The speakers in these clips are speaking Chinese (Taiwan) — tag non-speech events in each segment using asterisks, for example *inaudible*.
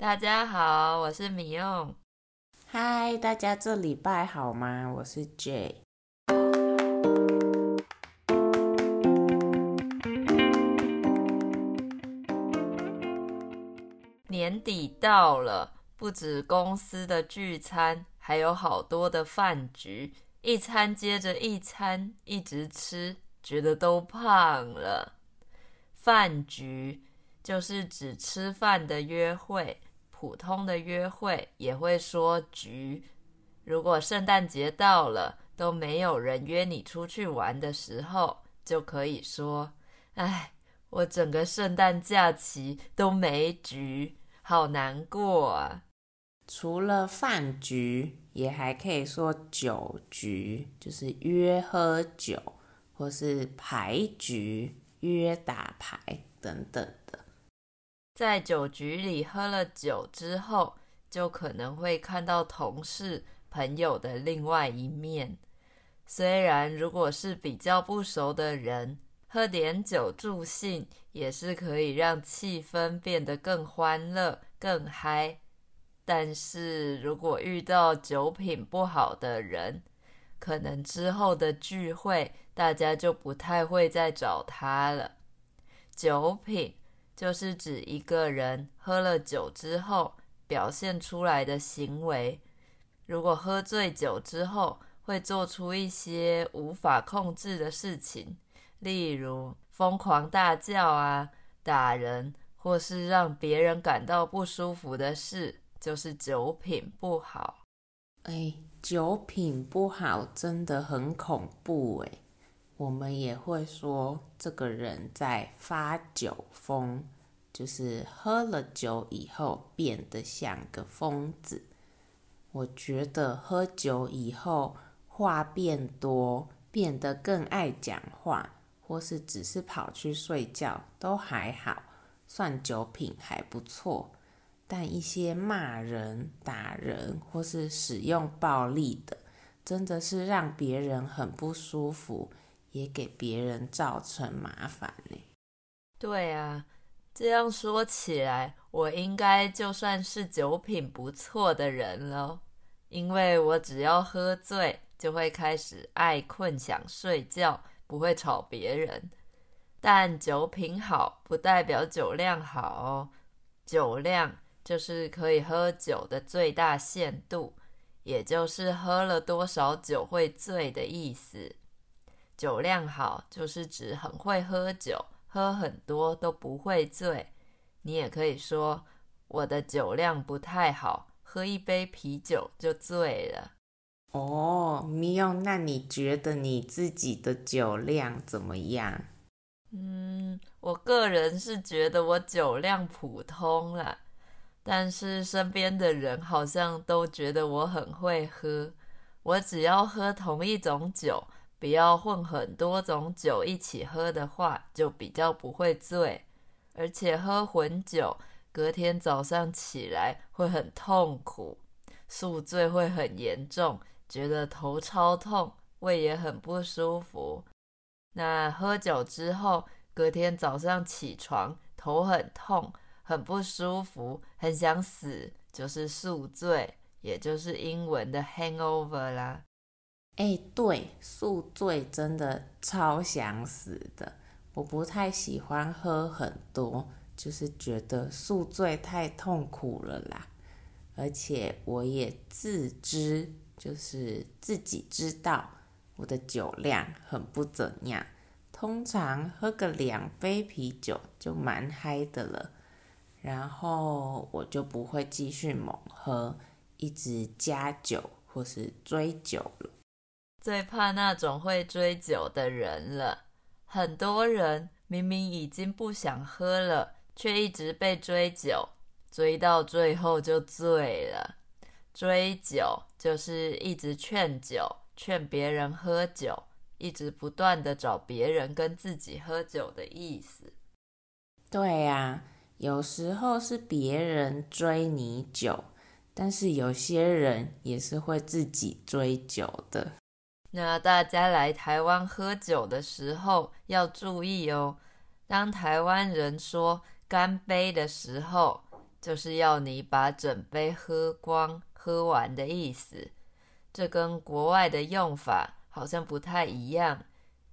大家好，我是米柚。嗨，大家這禮拜好嗎？我是 Jay。年底到了，不止公司的聚餐，還有好多的飯局，一餐接着一餐，一直吃，覺得都胖了。飯局就是指吃飯的約會。普通的約會也會說局，如果聖誕節到了都沒有人約你出去玩的時候，就可以說：“哎，我整個聖誕假期都沒局，好難過啊。”除了飯局，也還可以說酒局，就是約喝酒，或是牌局，約打牌等等的。在酒局裡喝了酒之後，就可能會看到同事朋友的另外一面。雖然如果是比較不熟的人，喝點酒助興也是可以讓氣氛變得更歡樂、更嗨。但是如果遇到酒品不好的人，可能之後的聚會大家就不太會再找他了。酒品。就是指一個人喝了酒之後表現出來的行為。如果喝醉酒之後會做出一些無法控制的事情，例如瘋狂大叫啊、打人，或是讓別人感到不舒服的事，就是酒品不好。哎、欸，酒品不好真的很恐怖欸。我們也會說，這個人在發酒瘋，就是喝了酒以後變得像個瘋子。我覺得喝酒以後話變多，變得更愛講話，或是只是跑去睡覺都還好，算酒品還不錯。但一些罵人、打人或是使用暴力的，真的是讓別人很不舒服。也給別人造成麻煩欸。對啊，這樣說起來，我應該就算是酒品不錯的人了。因為我只要喝醉，就會開始愛困、想睡覺，不會吵別人。但酒品好不代表酒量好哦，酒量就是可以喝酒的最大限度，也就是喝了多少酒會醉的意思。酒量好就是指很會喝酒，喝很多都不會醉。你也可以說，我的酒量不太好，喝一杯啤酒就醉了。哦，沒有。那你覺得你自己的酒量怎麼樣？嗯，我個人是覺得我酒量普通了，但是身邊的人好像都覺得我很會喝。我只要喝同一種酒，不要混很多種酒一起喝的話，就比較不會醉，而且喝混酒，隔天早上起來會很痛苦，宿醉會很嚴重，覺得頭超痛，胃也很不舒服。那喝酒之後，隔天早上起床，頭很痛，很不舒服，很想死，就是宿醉，也就是英文的 hangover 啦。哎，對，宿醉真的超想死的。我不太喜歡喝很多，就是覺得宿醉太痛苦了啦。而且我也自知，就是自己知道我的酒量很不怎樣，通常喝個兩杯啤酒就蠻嗨的了，然後我就不會繼續猛喝，一直加酒或是追酒了。最怕那種會追酒的人了。很多人明明已經不想喝了，卻一直被追酒，追到最後就醉了。追酒就是一直勸酒，勸別人喝酒，一直不斷地找別人跟自己喝酒的意思。對啊，有時候是別人追你酒，但是有些人也是會自己追酒的。那大家來台灣喝酒的時候要注意哦。當台灣人說“乾杯”的時候，就是要你把整杯喝光、喝完的意思。這跟國外的用法好像不太一樣，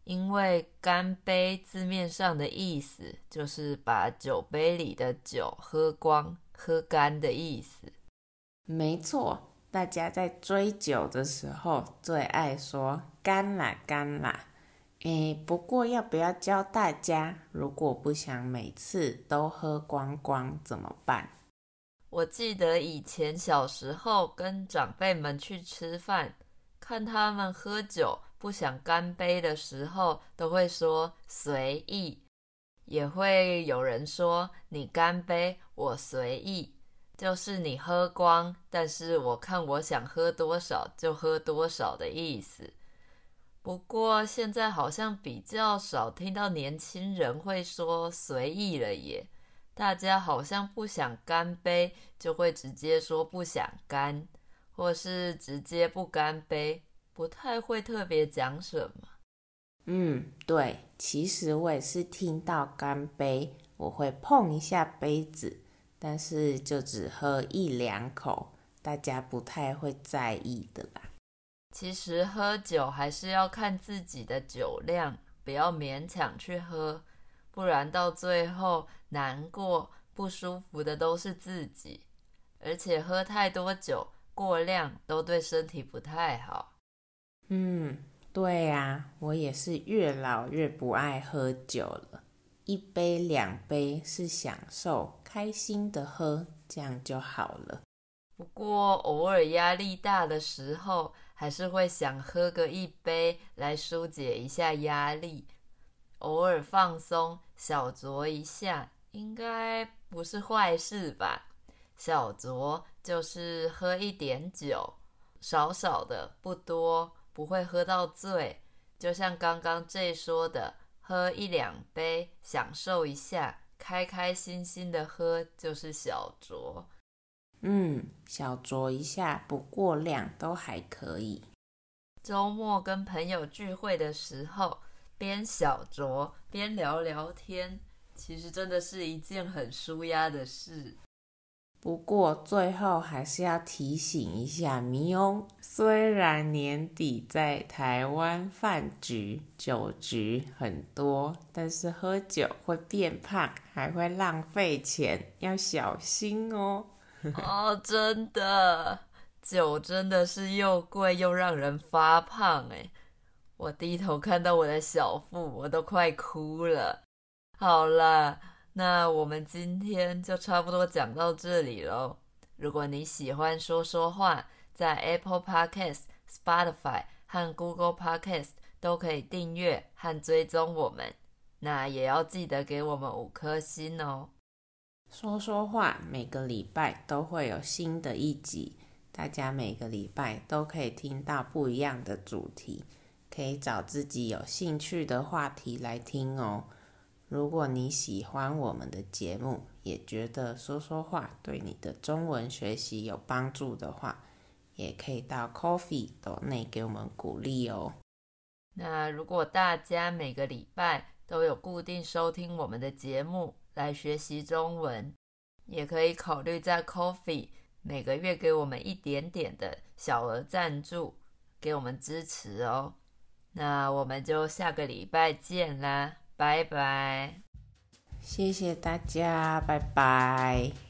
因為“乾杯”字面上的意思就是把酒杯裡的酒喝光、喝乾的意思。沒錯。大家在追酒的時候最愛說“乾啦乾啦”誒。不過要不要教大家，如果不想每次都喝光光怎麼辦？我記得以前小時候跟長輩們去吃飯，看他們喝酒，不想乾杯的時候，都會說“隨意”，也會有人說“你乾杯，我隨意”。就是你喝光，但是我看我想喝多少就喝多少的意思。不過現在好像比較少聽到年輕人會說“隨意了”耶。大家好像不想乾杯，就會直接說不想乾，或是直接不乾杯，不太會特別講什麼。嗯，對，其實我也是聽到乾杯，我會碰一下杯子。但是就只喝一兩口，大家不太會在意的啦。其實喝酒還是要看自己的酒量，不要勉強去喝，不然到最後難過不舒服的都是自己。而且喝太多酒，過量都對身體不太好。嗯，對啊，我也是越老越不愛喝酒了，一杯兩杯是享受。開心的喝，這樣就好了。不過偶爾壓力大的時候，還是會想喝個一杯來疏解一下壓力，偶爾放鬆，小酌一下，應該不是壞事吧？小酌就是喝一點酒，少少的，不多，不會喝到醉。就像剛剛 J 說的，喝一兩杯，享受一下。開開心心的喝就是小酌，嗯，小酌一下不過量都還可以。週末跟朋友聚會的時候，邊小酌邊聊聊天，其實真的是一件很舒壓的事。不過最後還是要提醒一下迷翁，雖然年底在台灣飯局酒局很多，但是喝酒會變胖，還會浪費錢，要小心哦。哦 *laughs* ，oh, 真的，酒真的是又貴又讓人發胖，欸，我低頭看到我的小腹，我都快哭了。好了。那我們今天就差不多講到這裡嘍。如果你喜歡說說話，在 Apple Podcast、Spotify 和 Google Podcast 都可以訂閱和追蹤我們。那也要記得給我們五顆星哦。說說話每個禮拜都會有新的一集，大家每個禮拜都可以聽到不一樣的主題，可以找自己有興趣的話題來聽哦。如果你喜歡我們的節目，也覺得說說話對你的中文學習有幫助的話，也可以到 Ko-fi 鬥內給我們鼓勵哦。那如果大家每個禮拜都有固定收聽我們的節目來學習中文，也可以考慮在 Ko-fi 每個月給我們一點點的小額贊助，給我們支持哦。那我們就下個禮拜見啦！拜拜，謝謝大家，拜拜。